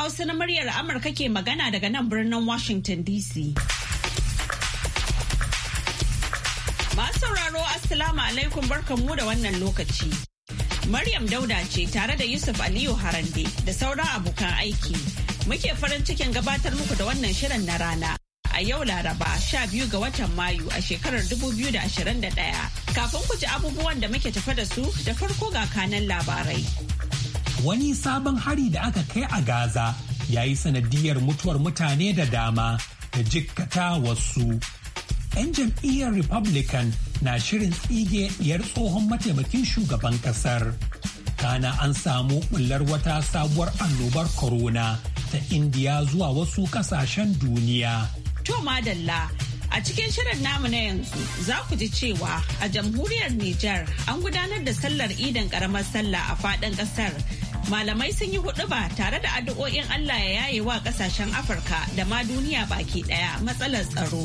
Hausa na muryar Amurka ke magana daga nan birnin Washington DC. Masu sauraro Assalamu alaikum barkanmu da wannan lokaci. Maryam Dauda ce tare da Yusuf Aliyu Harande da sauran abokan aiki. Muke farin cikin gabatar muku da wannan shirin na rana. a yau Laraba sha biyu ga watan Mayu a shekarar 2021. Kafin ku ji abubuwan da muke tafa da su da farko ga kanan labarai. wani sabon hari da aka kai a Gaza ya yi sanadiyar mutuwar mutane da dama da jikkata wasu. 'Yan jam'iyyar Republican na shirin tsige diyar tsohon mataimakin shugaban kasar. Kana an samu bullar wata sabuwar annobar corona ta indiya zuwa wasu kasashen duniya. To madalla A cikin shirin namu na yanzu za ku ji cewa a jamhuriyar Nijar an gudanar da sallar idan karamar sallah a faɗin ƙasar malamai sun yi ba tare da addu'o'in Allah ya yaye wa kasashen Afirka da ma duniya baki daya matsalar tsaro.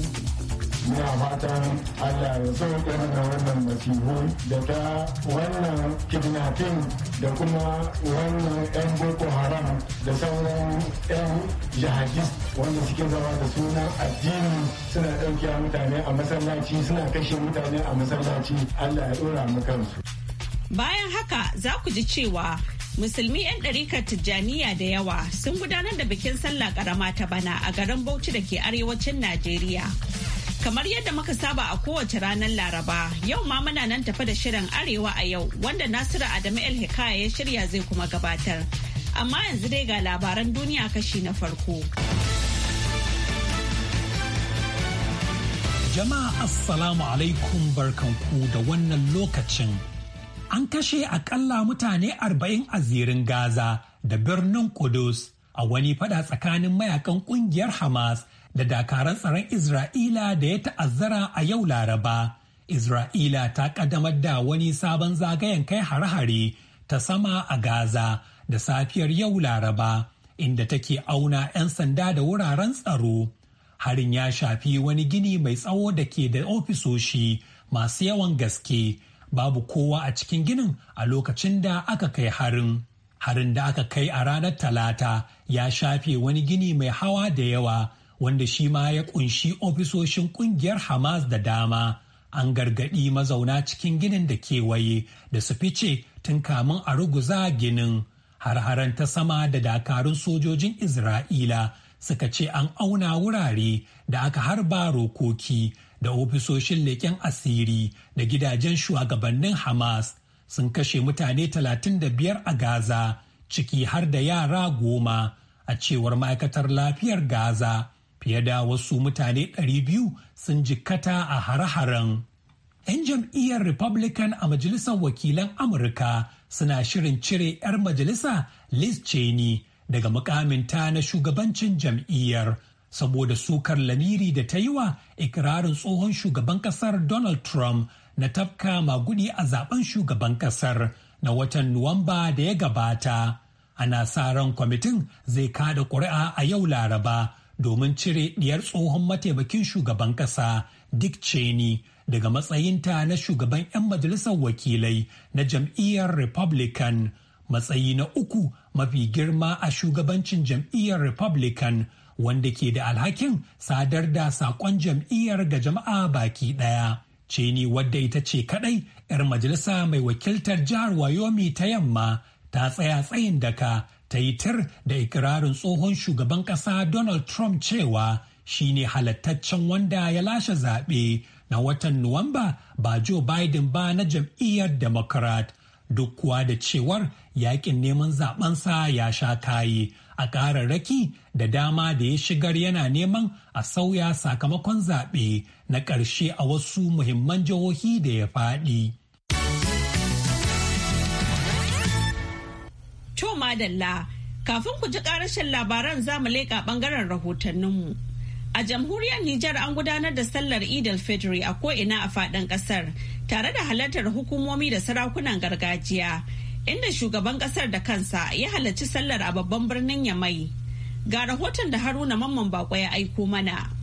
Ina fatan Allah ya sauke mana wannan masifu da ta wannan kidnapping da kuma wannan 'yan Boko Haram da sauran 'yan jihadist wanda suke zama da sunan addini suna ɗauke mutane a masallaci suna kashe mutane a masallaci Allah ya ɗora mu kansu. Bayan haka za ku ji cewa musulmi 'yan ɗarikar tijjaniya da yawa sun gudanar da bikin sallah ƙarama ta bana a garin bauchi da ke arewacin najeriya kamar yadda muka saba a kowace ranar laraba yau ma muna nan tafi da shirin arewa a yau wanda nasiru adamu el hikaya ya shirya zai kuma gabatar amma yanzu dai ga labaran duniya kashi na farko jama'a assalamu alaikum barkanku da wannan lokacin An kashe akalla mutane arba'in a zirin Gaza da birnin Kudus a wani fada tsakanin mayakan kungiyar Hamas da dakaran tsaron Isra'ila da ya ta'azzara a yau Laraba. Isra'ila ta ƙaddamar da wani sabon zagayen kai har hare ta sama a Gaza da safiyar yau Laraba, inda take auna 'yan sanda da wuraren tsaro. Harin ya shafi wani gini mai tsawo da ke da ofisoshi masu yawan gaske babu kowa a cikin ginin a lokacin da aka kai harin. Harin da aka kai a ranar Talata ya shafe wani gini mai hawa da yawa wanda shi ma ya kunshi ofisoshin kungiyar Hamas da dama. An gargaɗi mazauna cikin ginin da kewaye da su fice tun kamun a ruguza ginin. har ta sama da dakarun sojojin Isra'ila suka ce an auna wurare da aka harba rokoki da ofisoshin leƙen asiri da gidajen shugabannin Hamas sun kashe mutane 35 a Gaza ciki har da yara goma a cewar ma'aikatar lafiyar Gaza fiye da wasu mutane 200 sun jikkata a hare-haren. 'Yan jam'iyyar Republican a Majalisar Wakilan Amurka suna shirin cire 'yar majalisa Liz Cheney daga mukaminta na shugabancin jam'iyyar saboda sukar lamiri da ta yi wa ikirarin tsohon shugaban kasar Donald Trump na tafka magudi a zaben shugaban kasar na watan Nuwamba da ya gabata. Ana sa ran kwamitin zai kada ƙuri'a a yau Laraba domin cire ɗiyar tsohon mataimakin shugaban ƙasa Dick Cheney daga matsayinta na shugaban 'yan majalisar wakilai na jam'iyyar Republican matsayi na uku mafi girma a shugabancin jam'iyyar Republican wanda ke da alhakin sadar da sakon jam'iyyar ga jama'a baki ɗaya. Cheney wadda ita ce kaɗai 'yar majalisa mai wakiltar jihar Wayomi ta yamma ta tsaya tsayin daka ta yi tir da ikirarin tsohon shugaban ƙasa Donald Trump cewa shi ne halattaccen wanda ya lashe zaɓe na watan Nuwamba ba Joe Biden ba na jam'iyyar Democrat. Duk kuwa da cewar yakin neman zaɓensa ya sha kayi a ƙararraki da dama da ya shigar yana neman a sauya sakamakon zaɓe na ƙarshe a wasu muhimman jihohi da ya faɗi. To madalla, kafin ku ji ƙarashin labaran za mu leƙa ɓangaren rahotanninmu. A jamhuriyar Nijar an gudanar da sallar Idil Fitri a ko'ina a faɗin ƙasar, tare da halartar hukumomi da sarakunan gargajiya. inda shugaban kasar da kansa ya halarci sallar a babban birnin Yamai. Ga rahoton da Haruna Mamman Bako ya aiko mana.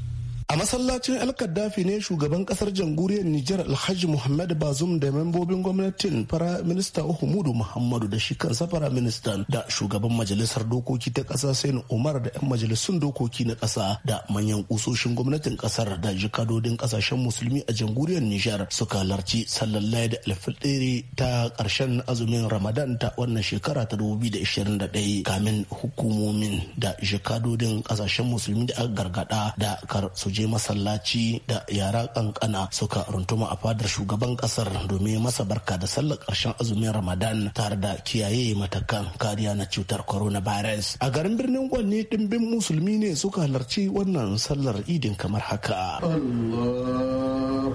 a masallacin kaddafi ne shugaban kasar jamhuriyar nijar alhaji muhammad bazum da membobin gwamnatin fara minista uhumudu muhammadu da shi kansa fara ministan da shugaban majalisar dokoki ta kasa sain umar da yan majalisun dokoki na kasa da manyan kusoshin gwamnatin kasar da jikadodin kasashen musulmi a jamhuriyar nijar suka halarci sallar da alfitiri ta karshen azumin ramadan ta wannan shekara ta 2021 kamin hukumomin da jikadodin kasashen musulmi da aka gargada da kar su je je masallaci da yara kankana suka runtuma a fadar shugaban kasar domin masa barka da sallar karshen azumin ramadan tare da kiyaye matakan kariya na cutar coronavirus a garin birnin gwanni dimbin musulmi ne suka halarci wannan sallar idin kamar haka Allahu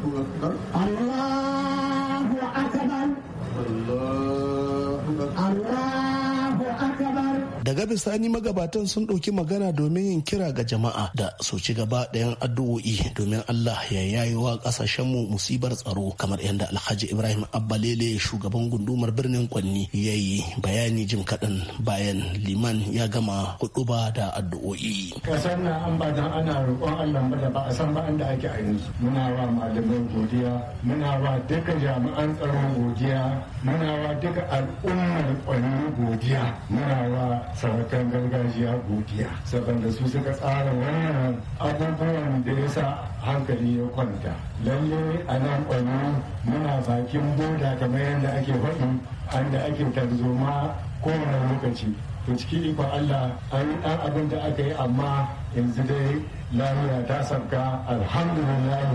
daga bisani magabatan sun ɗauki magana domin yin kira ga jama'a da su ci gaba da yan addu'o'i domin Allah ya yayi wa ƙasashenmu musibar tsaro kamar yadda Alhaji Ibrahim Abbalele shugaban gundumar birnin Kwanni ya yi bayani jim kaɗan bayan liman ya gama huɗuba da addu'o'i. Kasar na an ba dan ana roƙon Allah da ba a san ba da ake a yanzu. Muna wa malamai godiya, muna wa duka jami'an tsaron godiya, muna wa duka al'ummar Kwanni godiya, muna wa sarakan gargajiya godiya saboda su suka tsara wannan abubuwan da ya sa hankali ya kwanta lalle a nan kwanu muna bakin boda kamar yadda ake faɗi an da ake tarzoma kowane lokaci to ciki ikon allah an yi ɗan abin da aka yi amma yanzu dai lafiya ta sabka alhamdulillah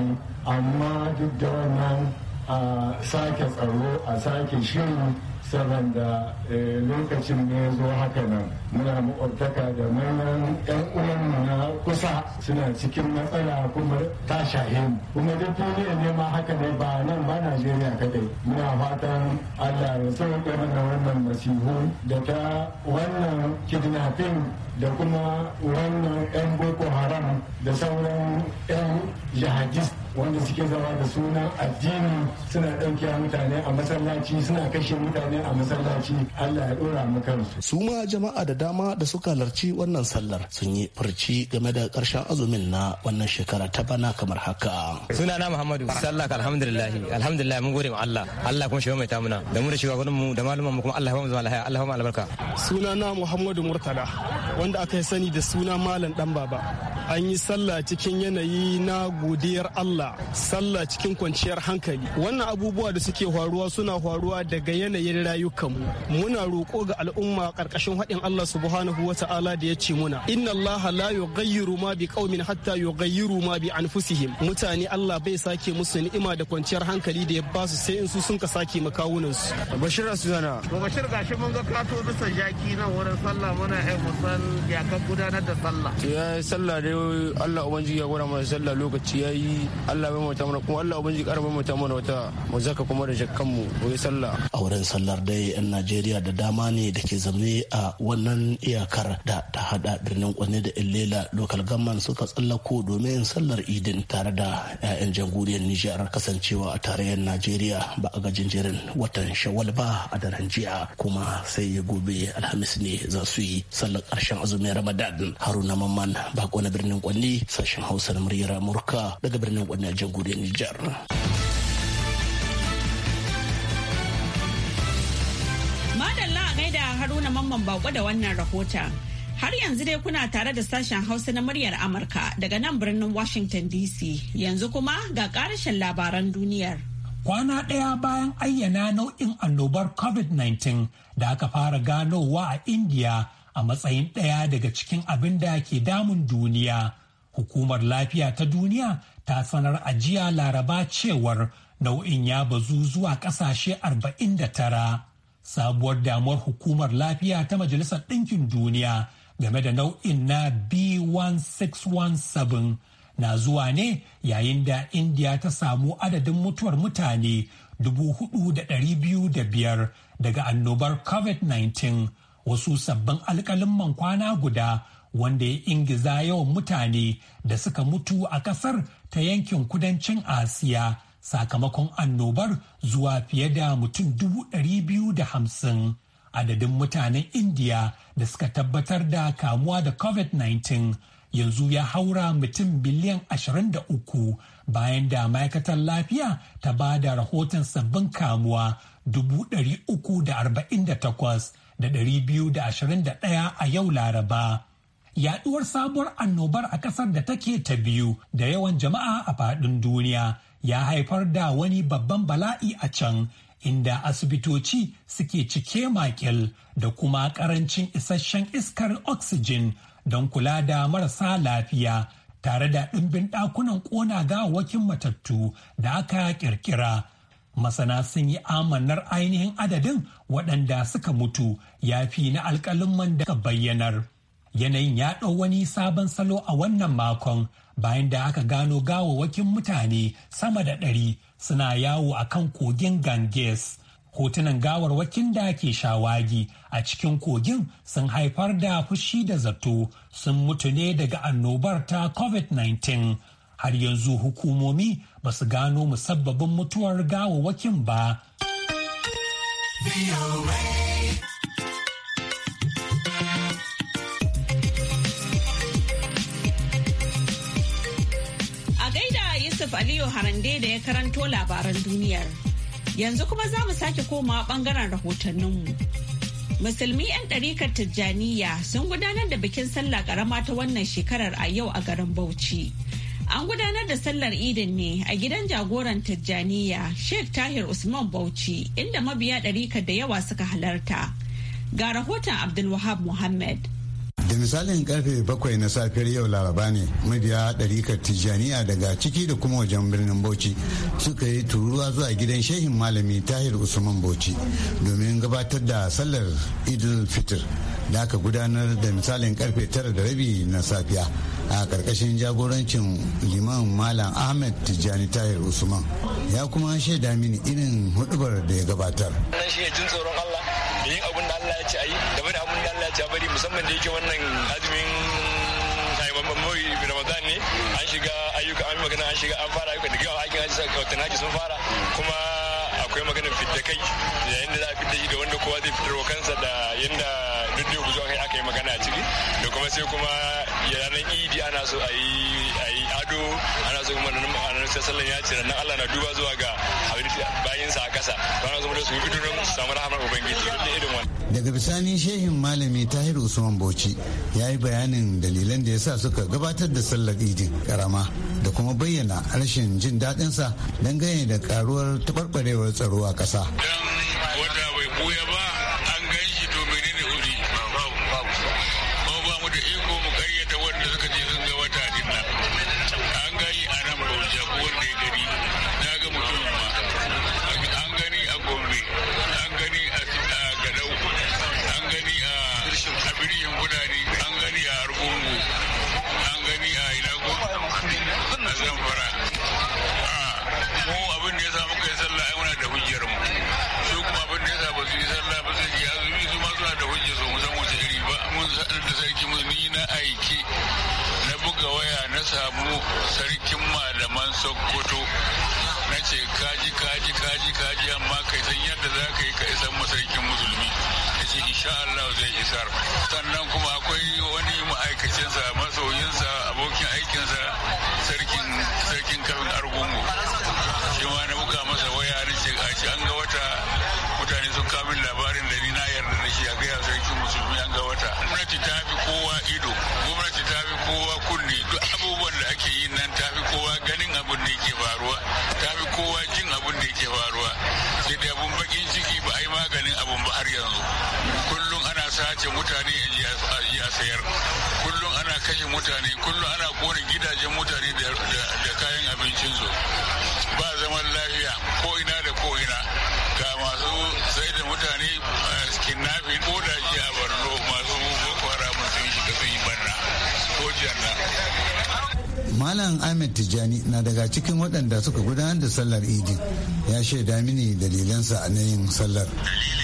amma duk da wannan a sake tsaro a sake shiri saboda eh, lokacin ne ya zo haka nan muna makwabtaka da manyan yan uwan na kusa suna cikin matsala kuma ta shahe mu kuma duk duniya ne ma haka ne ba nan ba najeriya kadai muna fatan allah ya sauke na wannan masihu da ta wannan kidnapping da kuma wannan 'yan boko haram da sauran 'yan jihadist wanda suke zama da sunan addini suna ɗauke mutane a masallaci suna kashe mutane a masallaci allah ya ɗora mu kansu su ma jama'a da dama da suka halarci wannan sallar sun yi furci game da ƙarshen azumin na wannan shekara ta bana kamar haka. Sunana Muhammadu sallah alhamdulillahi, alhamdulillahi mun gode ma Allah Allah kuma shi mai tamuna da mu da shugabannin mu da malumanmu mu kuma Allah ya ba mu zama lafiya Allah ya ba mu albarka. Sunana Muhammadu Murtala wanda aka sani da suna Malam Dan Baba. an yi sallah cikin yanayi na godiyar Allah sallah cikin kwanciyar hankali wannan abubuwa da suke faruwa suna faruwa daga yanayin rayukanmu muna roƙo ga al'umma ƙarƙashin haɗin Allah subhanahu wa ta'ala da ya ce muna inna Allah la yughayyiru ma bi qaumin hatta yughayyiru ma bi anfusihim mutane Allah bai sake musu ni'ima da kwanciyar hankali da ya ba su sai in su sun ka sake makawunan su Bashir Asuzana Bashir gashi mun ga kato bisa jaki nan wurin sallah muna ai musan ya ka gudanar da sallah to ya sallah dai Allah ubangiji ya gwada mana sallah lokaci yayi Allah bai mata mana kuma Allah ubangiji kara bai mata mana wata mazaka kuma da shakkan mu mu sallah a wurin sallar dai yan Najeriya da dama ne da ke zaune a wannan iyakar da ta hada birnin Kwane da Illela lokal gamman suka tsallako domin sallar Idin tare da 'ya'yan jamhuriyar Nijar kasancewa a tarayyar Najeriya ba a gajin jirin watan shawal ba a daren jiya kuma sai gobe Alhamis ne za su yi sallar ƙarshen azumin Ramadan Haruna Mamman bako na birnin Kwanni sashen Hausa muryar Amurka daga birnin Kwanni a jamhuriyar Nijar. Madalla a gaida Haruna Mamman Bako da wannan rahota. Har yanzu dai kuna tare da sashen Hausa na muryar Amurka daga nan birnin Washington DC. Yanzu kuma ga karashin labaran duniyar. Kwana ɗaya bayan ayyana nau'in annobar COVID-19 da aka fara ganowa a India a matsayin ɗaya daga cikin abin da ke damun duniya. Hukumar lafiya ta duniya ta sanar a jiya laraba cewar nau'in ya bazu zuwa ƙasashe 49. Sabuwar damuwar hukumar lafiya ta Majalisar Ɗinkin Duniya game da nau'in na B1617 na zuwa ne yayin da India ta samu adadin mutuwar mutane 4,205 daga annobar COVID-19. wasu sabbin alkalin kwana guda wanda ya ingiza yawan mutane da suka mutu a kasar ta yankin kudancin asiya sakamakon annobar zuwa fiye da mutum dubu biyu da hamsin. adadin mutanen indiya da suka tabbatar da kamuwa da covid-19 yanzu ya haura mutum biliyan uku, bayan da ma'aikatar lafiya ta ba da rahoton sabbin kamuwa dubu da da arba'in takwas. da ɗari biyu da ashirin da ɗaya a yau Laraba. Yaɗuwar sabuwar annobar a ƙasar da take ta biyu da yawan jama'a a faɗin duniya ya haifar da wani babban bala'i a can inda asibitoci suke cike makil da kuma ƙarancin isasshen iskar oxygen don kula da marasa lafiya tare da ɗimbin ɗakunan ƙona gawakin matattu da aka ƙirƙira masana sun yi amanar ainihin adadin waɗanda suka mutu ya fi na alƙalin da bayyanar yanayin ya ɗau wani sabon salo a wannan makon bayan da aka gano gawawakin mutane sama da ɗari suna yawo a kan kogin ganges hotunan gawarwakin da ke shawagi a cikin kogin sun haifar da fushi da zato sun mutu ne daga annobar ta covid-19 har yanzu hukumomi ba su gano musabbabin mutuwar gawawakin ba. A gaida Yusuf Aliyu Harande da ya karanto labaran duniyar. Yanzu kuma za mu sake koma bangaren rahotanninmu. Musulmi 'yan ɗarikar Tijjaniya sun gudanar da bikin sallah ƙarama ta wannan shekarar a yau a garin Bauchi. An gudanar da sallar idin ne a gidan jagoran Tijjaniya Sheikh Tahir Usman Bauchi inda mabiya ɗarika da yawa suka halarta. Ga rahoton Abdulwahab Muhammad. da misalin karfe bakwai na safiyar yau laraba ne mabiya ɗarikar tijjaniya daga ciki da kuma wajen birnin bauchi suka yi turuwa zuwa gidan shehin malami tahir usman bauchi domin gabatar da sallar idul fitr da aka gudanar da misalin karfe tara da rabi na safiya a karkashin jagorancin liman malam ahmed tijjani tahir usman ya kuma shaida mini irin hudubar da ya gabatar allah da yin abin da allah ya ce a yi Allah ya bari musamman da yake wannan azumin mai Ramadan ne an shiga ayyuka an magana an shiga an fara ayyuka da gawa aikin haji wata naji sun fara kuma akwai magana fidda kai yayin da za a fidda shi da wanda kowa zai fitarwa kansa da yanda duk da guzo kai aka yi magana a ciki da kuma sai kuma ranar idi ana so a yi ado ana so kuma ranar sallan ya ce ranar Allah na duba zuwa ga a daga bisani shehin malami tahir usman bauchi ya yi bayanin dalilan da ya sa suka gabatar da sallar idin karama da kuma bayyana rashin jin daɗinsa dangane da karuwar taɓarɓarewar tsaro a ƙasa. birgin gudani an gani a argungu an gani a ilago a zamfara ah, mu abin da ya samu kai sallah ai muna da hujjar mu su kuma abin da ya samu su yi sallah ba su yi azumi su ma suna da hujjar su musan wace iri ba mun sanar da sarki mu ni na aiki na buga waya na samu sarkin malaman sokoto na ce kaji kaji kaji kaji amma kai san yadda za ka yi ka isan masarkin musulmi ya ce insha Allah zai isar sannan kuma akwai wani ma'aikacinsa masoyinsa abokin aikinsa sarkin sarkin kafin argungu shi ma na buga masa waya na ce a ci an ga wata mutane sun kamin labarin da ni na yarda da shi a gaya sarkin musulmi an ga wata gwamnati ta fi kowa ido gwamnati ta fi kowa kunne. duk abubuwan da ake yi nan ta fi kowa ganin abin da yake faruwa ta fi kowa jin abin da yake faruwa sai dai abun baki sace mutane ya sayar kullum ana kashe mutane kullum ana kone gidajen mutane da kayan abincinsu ba zaman lafiya ko ina da ko ina ga masu sai da mutane nafi ko da shi a barno masu kwakwara sun shiga sun yi barna ko janna Malam Ahmed Tijjani na daga cikin waɗanda suka gudanar da sallar Idi ya shaida mini dalilansa na yin sallar. Dalilin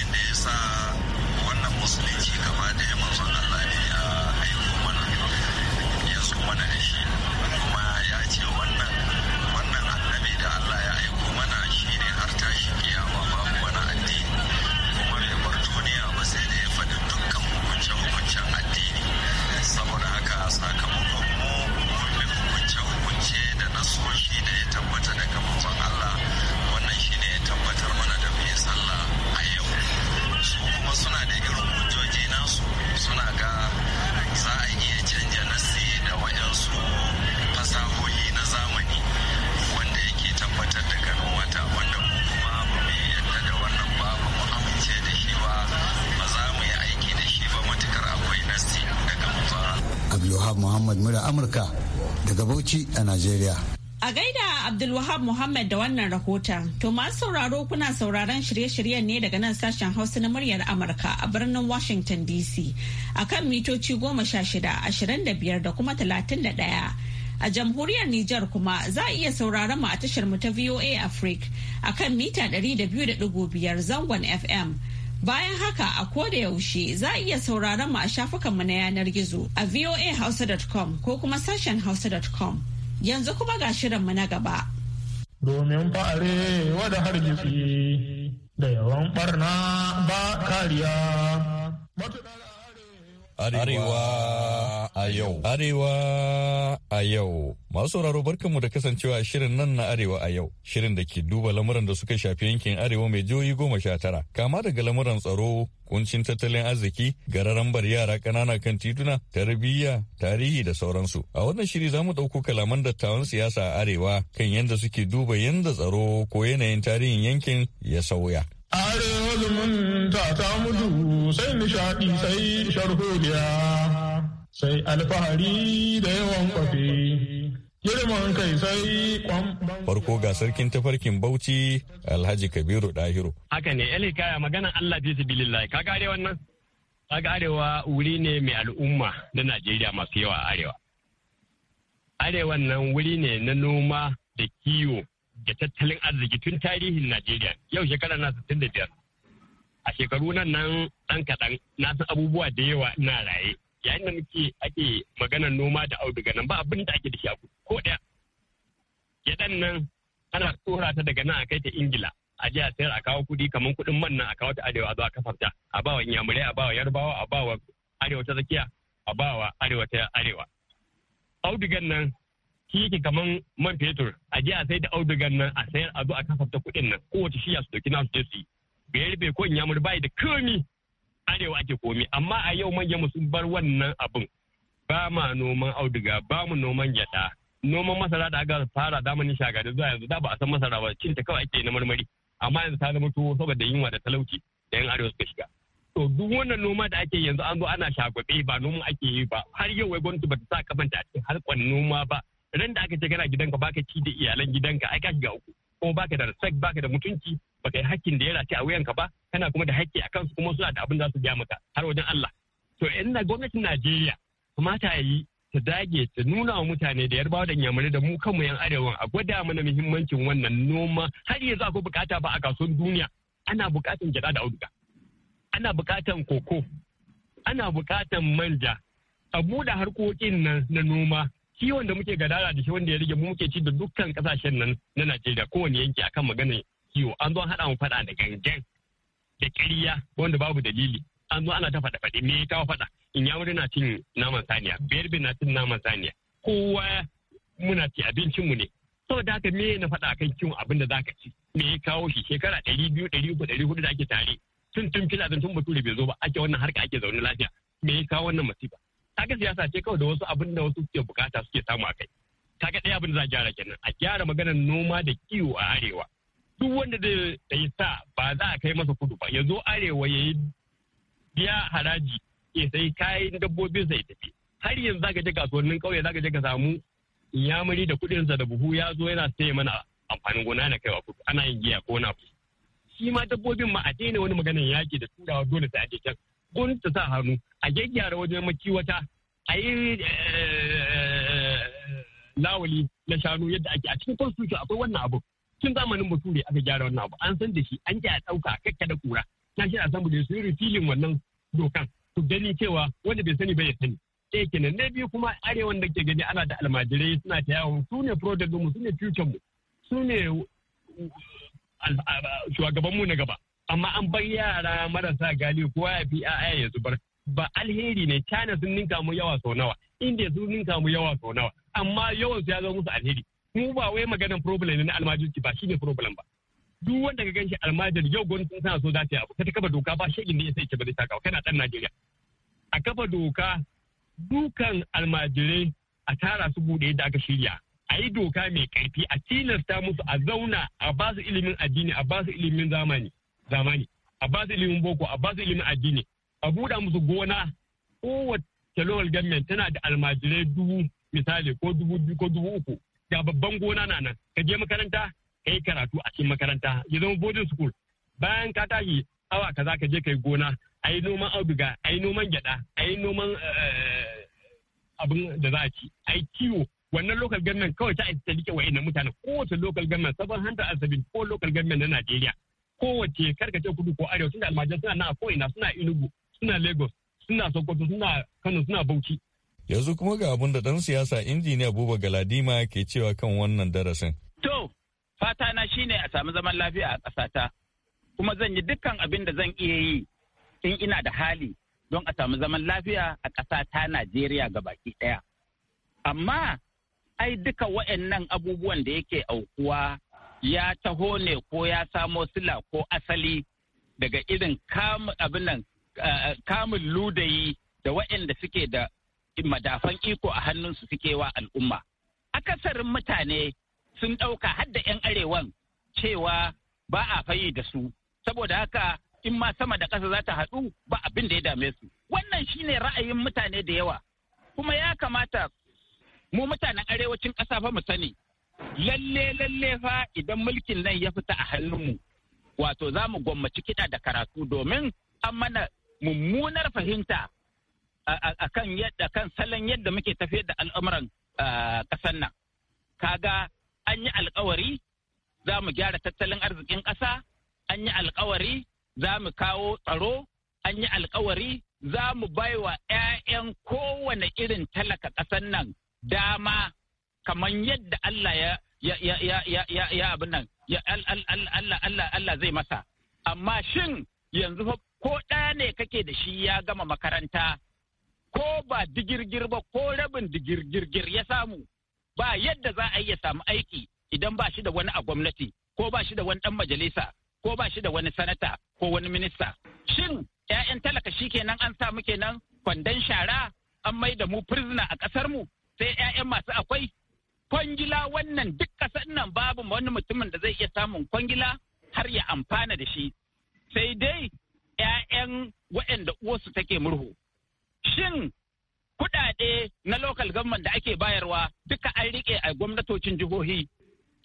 amurka daga bauchi a najeriya A gaida Abdulwahab Muhammad da wannan rahoton, to masu sauraro kuna sauraron shirye-shiryen ne daga nan sashen Hausa na muryar Amurka a birnin Washington DC a kan mitoci goma sha shida, ashirin da biyar da kuma talatin da ɗaya. A jamhuriyar Nijar kuma za a iya sauraron mu a tashar mu ta VOA Africa a kan mita ɗari da biyu zangon FM. Bayan haka a koda yaushe za a iya sauraron mu a shafukanmu na yanar gizo a voahausa.com ko kuma sashen hausa.com. Yanzu kuma ga shirinmu na gaba. Domin fa'are wada hargitsi da yawan barna ba kariya. Arewa. a yau. Arewa a yau. Masu sauraro barkanmu da kasancewa shirin nan na Arewa a yau. Shirin da ke duba lamuran da suka shafi yankin Arewa mai jihohi goma sha tara. Kama daga lamuran tsaro, kuncin tattalin arziki, gararan bar yara ƙanana kan tituna, tarbiyya, tarihi da sauransu. A wannan shiri za mu ɗauko kalaman dattawan siyasa a Arewa kan yadda suke duba yadda tsaro ko yanayin tarihin yankin ya sauya. Arewa zumunta ta mutu sai nishaɗi sai sharhodiya. sai alfahari da yawan kwafe. Girman kai sai Farko ga sarkin tafarkin Bauchi Alhaji Kabiru Dahiru. Haka ne, Eli kaya magana Allah bisa bilillahi. Ka gare wannan? Ka arewa wuri ne mai al'umma na Najeriya masu yawa arewa. arewa nan wuri ne na noma da kiwo da tattalin arziki tun tarihin Najeriya yau shekara na 65. A shekaru nan nan ɗan kaɗan na san abubuwa da yawa na raye. yayin da muke ake maganar noma da auduga nan ba abin da ake da shi a ko ɗaya gyaɗan nan ana tsora ta daga nan a kai ta ingila a je a sayar a kawo kuɗi kamar kuɗin man nan a kawo ta arewa zuwa ta a bawa inyamurai a bawa yarbawa a bawa arewa ta tsakiya a bawa arewa ta arewa audugan nan shi yake kamar man fetur a je a sai da audugan nan a sayar a zo a ta kuɗin nan kowace shiya su ɗauki nasu je su yi bai rufe ko inyamurai bai da komi arewa ake komi amma a yau manyanmu sun bar wannan abin ba ma noman auduga ba mu noman gyada noman masara da aka fara zamanin shagari zuwa yanzu da ba a san masara ba cin ta kawai ake na marmari amma yanzu ta zama tuwo saboda yunwa da talauci da yan arewa suka shiga to duk wannan noma da ake yanzu an zo ana shagwabe ba noman ake yi ba har yau wai gwamnati bata sa kafanta a cikin harkar noma ba ran da aka ce kana gidanka baka ci da iyalan gidanka ai ka shiga uku kuma baka da respect baka da mutunci ba yi hakkin da ya race a wuyanka ba kana kuma da hakki akan su kuma suna da abin da su ja maka har wajen Allah to in na gwamnatin Najeriya kuma ta yi ta dage ta nuna wa mutane da yarbawa da yamurai da mu kanmu yan arewa a gwada mana muhimmancin wannan noma har yanzu akwai bukata ba a kasuwar duniya ana bukatan gyada da auduga ana bukatan koko ana bukatan manja a buɗe harkokin nan na noma kiwon da muke gadara da shi wanda ya rage mu muke ci da dukkan kasashen nan na Najeriya kowane yanki akan maganar kiwo an zo an haɗa mu faɗa da gangan da ƙarya wanda babu dalili an zo ana ta faɗa faɗi me ta kawo faɗa in ya na cin naman saniya biyar bin na cin naman saniya kowa muna ci abincin mu ne da haka me na faɗa akan kiwon abin da zaka ci me ya kawo shi shekara ɗari biyu ɗari uku ɗari hudu da ake tare tun tun fila tun bature bai zo ba ake wannan harka ake zaune lafiya me ya kawo wannan masifa kaga siyasa ce kawai da wasu abin da wasu suke bukata suke samu a kai kaga ɗaya abin da za a gyara kenan a gyara maganar noma da kiwo a arewa duk wanda zai sa ba za a kai masa kudu ba ya zo arewa ya yi biya haraji ya sai kayan dabbobin sai tafi har yanzu zaka je kasuwannin kauye zaka je ka samu yamuri da sa da buhu ya zo yana sai mana amfanin gona na kaiwa kudu ana yin giya ko na kudu shi ma dabbobin ma a daina wani maganin yaƙi da turawa dole sai ake can gun ta sa hannu a gyaggyara wajen makiwata a yi eh, eh, eh, lawali na shanu yadda ake a cikin constitution akwai wannan abu tun zamanin bature aka gyara wannan abu an san da shi an a ɗauka kakka da kura national assembly su yi rufilin wannan dokan to gani cewa wanda bai sani ba ya sani ɗaya eh, kenan na biyu kuma arewa da ke gani ana da almajirai suna ta yawon su ne project mu su ne future mu su ne shugaban mu na gaba amma an bar yara marasa gali kowa ya fi ya'ya ya zubar ba alheri ne china sun ninka mu yawa sau nawa inda sun ninka mu yawa sau nawa amma yawan su ya zama musu alheri mu ba wai maganan problem ne na almajirki ba shine problem ba duk wanda ka ganshi almajir yau sun sana so za ta yi abu ta kafa doka ba shegin ne ya sai ke bari takawa kana dan Najeriya a kafa doka dukan almajirai a tara su bude da aka shirya a yi doka mai karfi a tilasta musu a zauna a ba su ilimin addini a ba su ilimin zamani zamani a ba su ilimin boko a ba su ilimin addini a buɗa musu gona kowace local government tana da almajirai dubu misali ko ko dubu uku ga babban gona na nan ka je makaranta ka yi karatu a cikin makaranta ya zama boarding school bayan ka tashi awa ka za ka je ka yi gona a yi noman auduga a yi noman gyada a yi noman eh, abin da za a ci a yi kiwo wannan local government kawai ta aiki ta rike wa ina mutane kowace local government sabon hundred and seventy ko local government na Najeriya kowace karkace kudu ko arewa tunda almajiran suna na ko ina suna Enugu suna Lagos suna Sokoto suna Kano suna Bauchi Yanzu kuma ga abin da ɗan siyasa injiniya Buba Galadima ke cewa kan wannan darasin. To, fata na shine a sami zaman lafiya a ƙasata, kuma zan yi dukkan abin da zan iya yi in ina da hali don a sami zaman lafiya a ƙasata Najeriya ga baki ɗaya. Amma, ai duka wa'annan abubuwan da yake aukuwa ya taho ne ko ya samo sila ko asali daga irin eh, eh, kamun ludayi da waɗanda suke da madafan iko a hannunsu suke wa al'umma. Akasarin mutane sun ɗauka hadda 'yan arewan cewa ba a fayi da su, saboda haka in ma sama da ƙasa za ta haɗu ba abin da ya dame su. Wannan shi ne ra'ayin mutane da yawa, kuma ya kamata mu mutanen arewacin ƙasa fa mu sani. Lalle lalle fa idan mulkin nan ya fita a hannunmu, wato za mu gwammaci kiɗa da karatu domin an mana mummunar fahimta akan yadda kan salon yadda muke tafiyar da al'amuran kasan nan kaga an yi alkawari za mu gyara tattalin arzikin ƙasa an yi alkawari za mu kawo tsaro an yi alkawari za mu baiwa 'ya'yan kowane irin talaka ƙasan nan dama kamar yadda Allah ya abin nan Allah zai masa amma shin yanzu ko ɗaya ne kake da shi ya gama makaranta ko ba digirgir ba ko rabin digirgirgir ya samu ba yadda za a iya samu aiki idan ba shi da wani a gwamnati ko ba shi da wani dan majalisa ko ba shi da wani sanata ko wani minista shin 'ya'yan talaka shi kenan an muke kenan kwandon shara an mai da mu prisoner a kasar mu sai 'ya'yan masu akwai kwangila wannan duk ƙasar nan babu wani mutumin da zai iya samun kwangila har ya amfana da shi sai dai 'ya'yan waɗanda uwarsu take murhu shin kuɗaɗe na local government da ake bayarwa duka an riƙe a gwamnatocin jihohi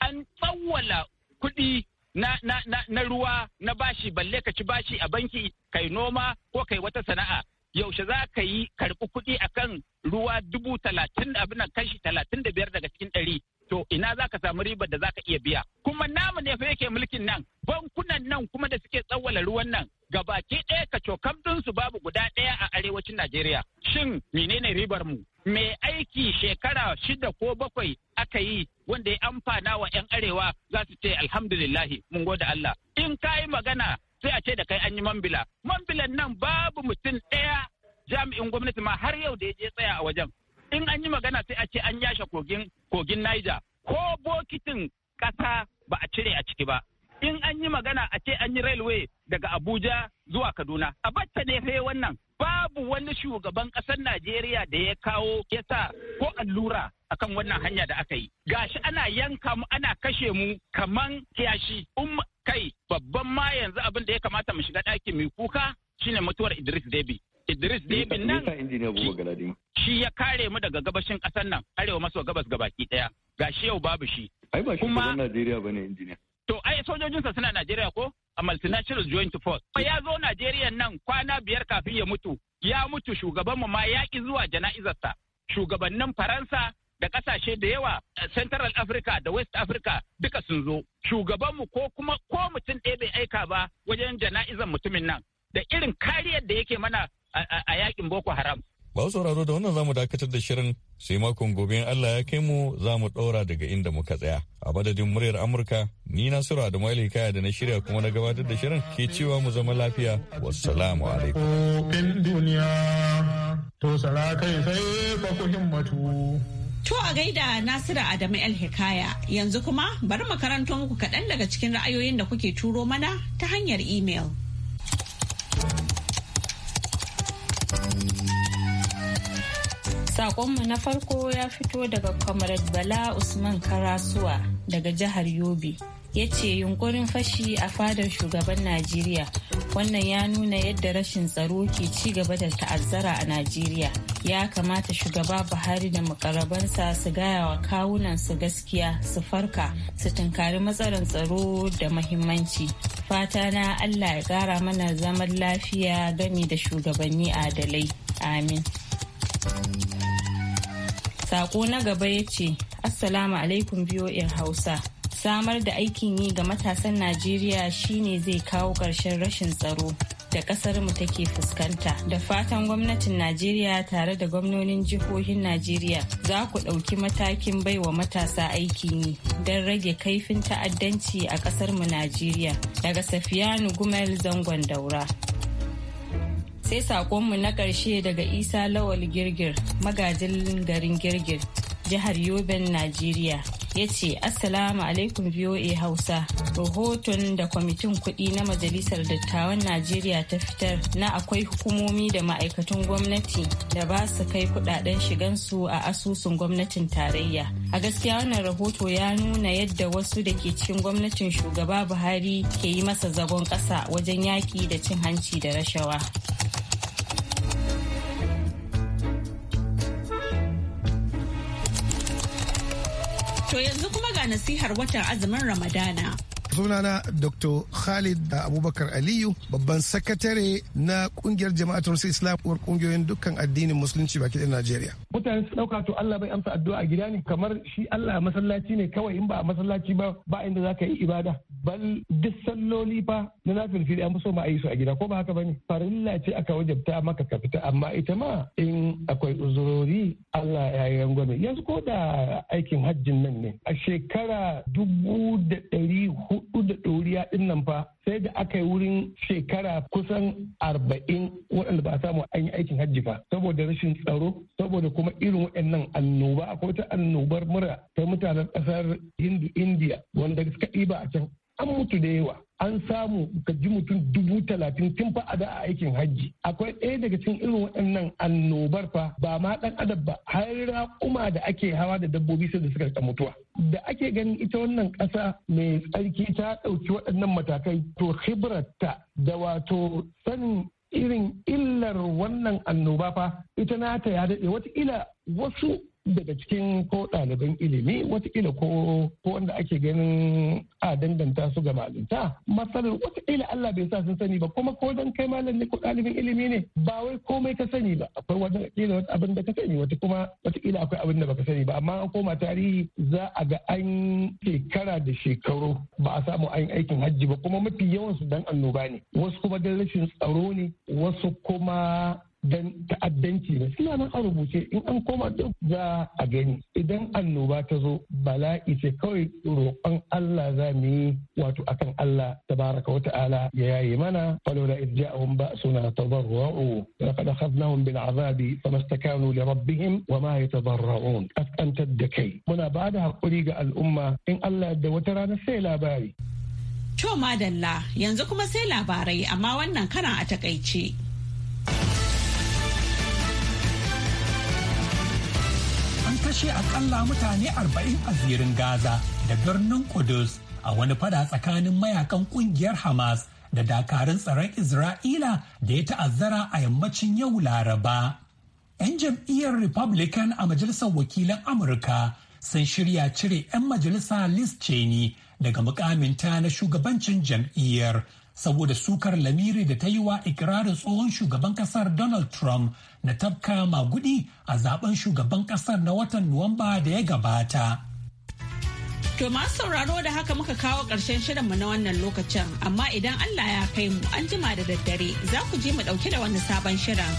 an tsawwala kuɗi na, na, na, na ruwa na bashi balle ka ci bashi a banki kai noma ko kai wata sana'a yaushe za ka yi karɓi kuɗi akan ruwa dubu talatin abin kashi talatin da biyar daga cikin ɗari to ina za ka samu ribar da za ka iya biya kuma namu ne fa yake mulkin nan bankunan nan kuma da suke tsawwala ruwan nan gabaki ɗaya ka cokam su babu guda ɗaya a arewacin Najeriya. Shin menene ribar mu? Me aiki shekara shida ko bakwai aka yi wanda ya amfana wa 'yan arewa za su ce alhamdulillahi mun gode Allah. In ka yi magana sai a ce da kai an yi mambila. Mambilan nan babu mutum ɗaya jami'in gwamnati ma har yau da ya je tsaya a wajen. in an yi magana sai a ce an yashe kogin kogin Niger ko bokitin ƙasa ba a cire a ciki ba in an yi magana a ce an yi railway daga Abuja zuwa Kaduna. A bacce ne fe wannan babu wani shugaban ƙasar Najeriya da ya kawo ya sa ko allura akan wannan hanya da aka yi. Gashi ana yanka mu ana kashe mu kaman kiyashi. in um, kai babban ma yanzu abin da ya kamata mu shiga ɗaki mai kuka shine mutuwar Idris Debi. Idris Debi nan shi ya kare mu daga gabashin ƙasar nan arewa maso gabas gabaki ɗaya. Gashi yau babu shi. Ai ba shi Najeriya ba ne injiniya. To ai sojojinsa suna Najeriya ko? A multinational joint force. Ya zo Najeriya nan kwana biyar kafin ya mutu. Ya mutu shugabanmu ma ya ki zuwa jana'izarsa. Shugabannin Faransa da ƙasashe da yawa eh, Central Africa da West Africa duka sun zo. Shugabanmu ko kuma ko mutum ɗaya bai aika ba wajen jana'izar mutumin nan. Da irin kariyar da yake mana a yakin Boko Haram. Ba sauraro da wannan zamu dakatar da shirin sai makon gobe Allah ya kai mu za mu ɗora daga inda muka tsaya. A madadin muryar Amurka, ni na sura da Mali Kaya da na shirya kuma na gabatar da shirin ke cewa mu zama lafiya. Wassalamu alaikum. duniya to sai ba ku himmatu. To a gaida Nasiru Adamu El Hikaya yanzu kuma bari mu ku kaɗan daga cikin ra'ayoyin da kuke turo mana ta hanyar imel. Sakonmu na farko ya fito daga Comrade Bala Usman Karasuwa daga jihar Yobe. ya ce yunkurin fashi a fadar shugaban najeriya wannan ya nuna yadda rashin tsaro ke ci gaba da ta'azzara a najeriya ya kamata shugaba buhari da makarabansa su gaya wa kawunansu gaskiya su farka su tunkari matsalar tsaro da mahimmanci fata na allah ya kara mana zaman lafiya gami da shugabanni adalai amin Sako na gaba ya ce, Assalamu alaikum biyo'in Hausa. Samar da aikin yi ga matasan Najeriya shine zai kawo ƙarshen rashin tsaro da ƙasar mu take fuskanta. Da fatan gwamnatin Najeriya tare da gwamnonin jihohin Najeriya za ku ɗauki matakin baiwa matasa aikin yi don rage kaifin ta'addanci a ƙasar mu Najeriya. Daga Safiyanu Gumel Zangon Daura. sai sakonmu na ƙarshe daga isa lawal girgir magajin garin girgir jihar yoben najeriya ya ce assalamu alaikum voa hausa rahoton da kwamitin kuɗi na majalisar dattawan najeriya ta fitar na akwai hukumomi da ma'aikatan gwamnati da ba su kai kuɗaɗen shigansu a asusun gwamnatin tarayya a gaskiya wannan rahoto ya nuna yadda wasu da ke cikin gwamnatin shugaba buhari ke yi masa zagon ƙasa wajen yaƙi da cin hanci da rashawa To yanzu kuma ga nasihar watan azumin Ramadana. sunana dr khalid abubakar aliyu babban sakatare na kungiyar jama'atar islam uwar kungiyoyin dukkan addinin musulunci baki da najeriya mutane su ɗauka to Allah bai amsa addu'a a gida ne kamar shi Allah masallaci ne kawai in ba a masallaci ba ba inda za ka yi ibada bal duk salloli fa na nafil fili an so ma a yi su a gida ko ba haka bane farilla ce aka wajabta maka ka fita amma ita ma in akwai uzurori Allah ya yi rangwame yanzu ko da aikin hajjin nan ne a shekara dubu da ɗari hudu hudu da ɗoriya ɗin nan fa sai da aka yi wurin shekara kusan arba'in waɗanda ba a samu an yi aikin hajji ba saboda rashin tsaro saboda kuma irin waɗannan annoba akwai wata annobar mura ta mutanen ƙasar hindu india wanda suka ɗiba a can an mutu da yawa an samu ka ji mutum dubu talatin tun fa a aikin hajji akwai ɗaya daga cikin irin waɗannan annobar fa ba ma ɗan adab ba har raƙuma da ake hawa da dabbobi sai da suka ka mutuwa da ake ganin ita wannan ƙasa mai tsarki ta ɗauki waɗannan matakai to hibrarta da wato sanin irin illar wannan annoba fa ita nata ya daɗe wata ila wasu daga cikin ko ɗaliban ilimi watakila ko wanda ake ganin a danganta su ga malinta matsalar watakila Allah bai sa sun sani ba kuma ko dan kai malam ne ko ɗalibin ilimi ne ba wai komai ka sani ba akwai wata kila wata abin da ka sani wata kuma watakila akwai abin da baka sani ba amma an koma tarihi za a ga an shekara da shekaru ba a samu an aikin hajji ba kuma mafi yawansu dan annoba ne wasu kuma dan rashin tsaro ne wasu kuma don ta'addanci ne suna nan a rubuce in an koma duk za a gani idan annoba ta zo bala'i ce kawai roƙon Allah za mu yi wato akan Allah ta baraka wata ala, ya yaye mana falola idja'ahum ba'suna tadarra'u laqad akhadnahum bin azabi famastakanu li rabbihim wa ma ra'o kaskantar da kai muna ba da haƙuri ga al'umma in Allah da wata rana sai labari ma madalla yanzu kuma sai labarai amma wannan karan a takaice. kashe akalla mutane arba'in a zirin Gaza da birnin Kudus a wani fada tsakanin mayakan kungiyar Hamas da dakarun tsaron Isra'ila da ya ta'azzara a yammacin yau Laraba. 'Yan jam'iyyar Republican a Majalisar Wakilan Amurka sun shirya cire 'yan majalisa Liz Cheney daga mukaminta na shugabancin jam'iyyar saboda sukar lamiri da ta yi wa ikirarin tsohon shugaban kasar Donald Trump na tafka magudi a zaben shugaban kasar na watan Nuwamba da ya gabata. To masu sauraro da haka muka kawo ƙarshen shirinmu na wannan lokacin, amma idan Allah ya kai mu an jima da daddare za ku je mu ɗauke da wani sabon shirin.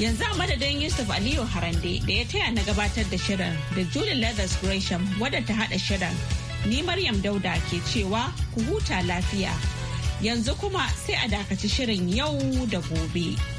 Yanzu a madadin Yusuf Aliyu Harande da ya taya na gabatar da shirin da Julie Leathers Gresham wadda ta haɗa shirin. Ni Maryam Dauda ke cewa ku huta lafiya. Yanzu kuma sai a dakaci shirin yau da gobe.